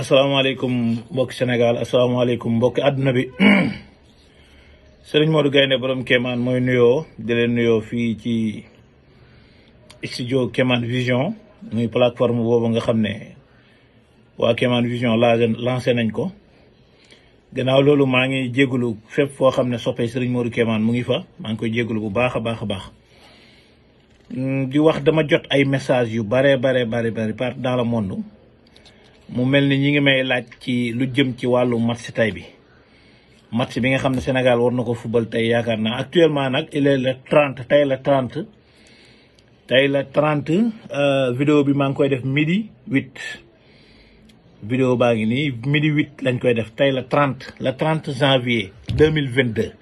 asalaamaaleykum mbokki Sénégal asalaamaaleykum mbokki àdduna bi sëriñ Modou Gaynde borom Kéemaan mooy nuyoo di leen nuyoo fii ci studio Kéemaan Vision muy plateforme boobu nga xam ne waa Kéemaan Vision lancé nañ ko gannaaw loolu maa ngi jégalu fépp foo xam ne soppee sëriñ Modou Kéemaan mu ngi fa maa ngi koy jégalu bu baax a baax a baax mm, di wax dama jot ay message yu bare bare bare bare par daal le monde mu mel ni ñi ngi may laaj ci lu jëm ci wàllu match tay bi match bi nga xam ne Sénégal war na ko football tey yaakaar naa actuellement nag il est le la 30 tey la 30 euh, vidéo bi maa ngi koy def midi 8 vidéo baa ngi nii midi 8 lañ koy def tey la 30 le 30 janvier 2022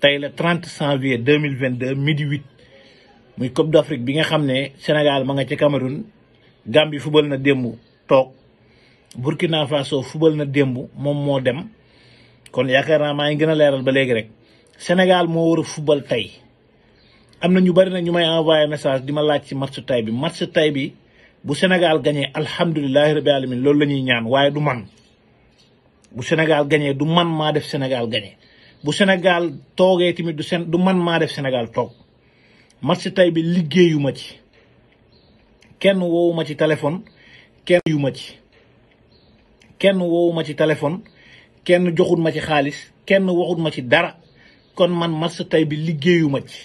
tey le 30 janvier 2022 midi 8 muy Coupe d'Afrique bi nga xam ne Sénégal ma nga ci Cameroun Gambie football na démb toog Burkina Faso fubal na démb moom moo dem kon yaakaar naa maa ngi gën a leeral ba léegi rek Sénégal moo war a tey am na ñu bari na ñu may envoyé message di ma laaj ci match tey bi match tey bi bu Sénégal gañee alhamdulilahi rabbi loolu la ñuy ñaan waaye du man bu Sénégal gañee du man maa def Sénégal gañee bu Sénégal toogee tamit du sen du man maa def Sénégal toog match tey bi liggéeyuma ci kenn woowu ci téléphone kenn yu ma ci kenn woowu ma ci téléphone kenn joxut ma ci xaalis kenn waxut ma ci dara kon man match tey bi liggéeyu ma ci.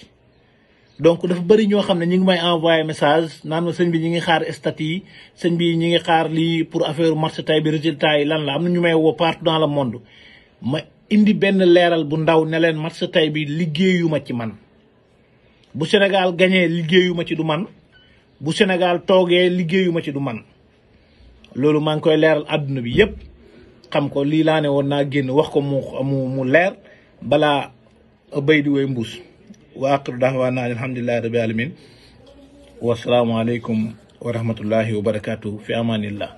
donc dafa bëri ñoo xam ne ñu ngi may envoyé message naan ma sëñ bi ñi ngi xaar stat yi sëñ bi ñi ngi xaar lii pour affaire match tey bi résultat yi lan la am na ñu may woo partout dans le monde ma indi benn leeral bu ndaw ne leen match tey bi liggéeyu ma ci man. bu Sénégal gañee liggéeyuma ci du man bu Sénégal toogee liggéeyuma ci du man. loolu maa ngi koy leeral àdduna bi yëpp ko lii laa ne woon naa génn wax ko mu mu mu leer bala béy di wo mbuus wa aqiru dahwaana alhamdulillahi rabbil alamin wasalaamualeykum wa rahmatullahi wa barakaatu fi amanillah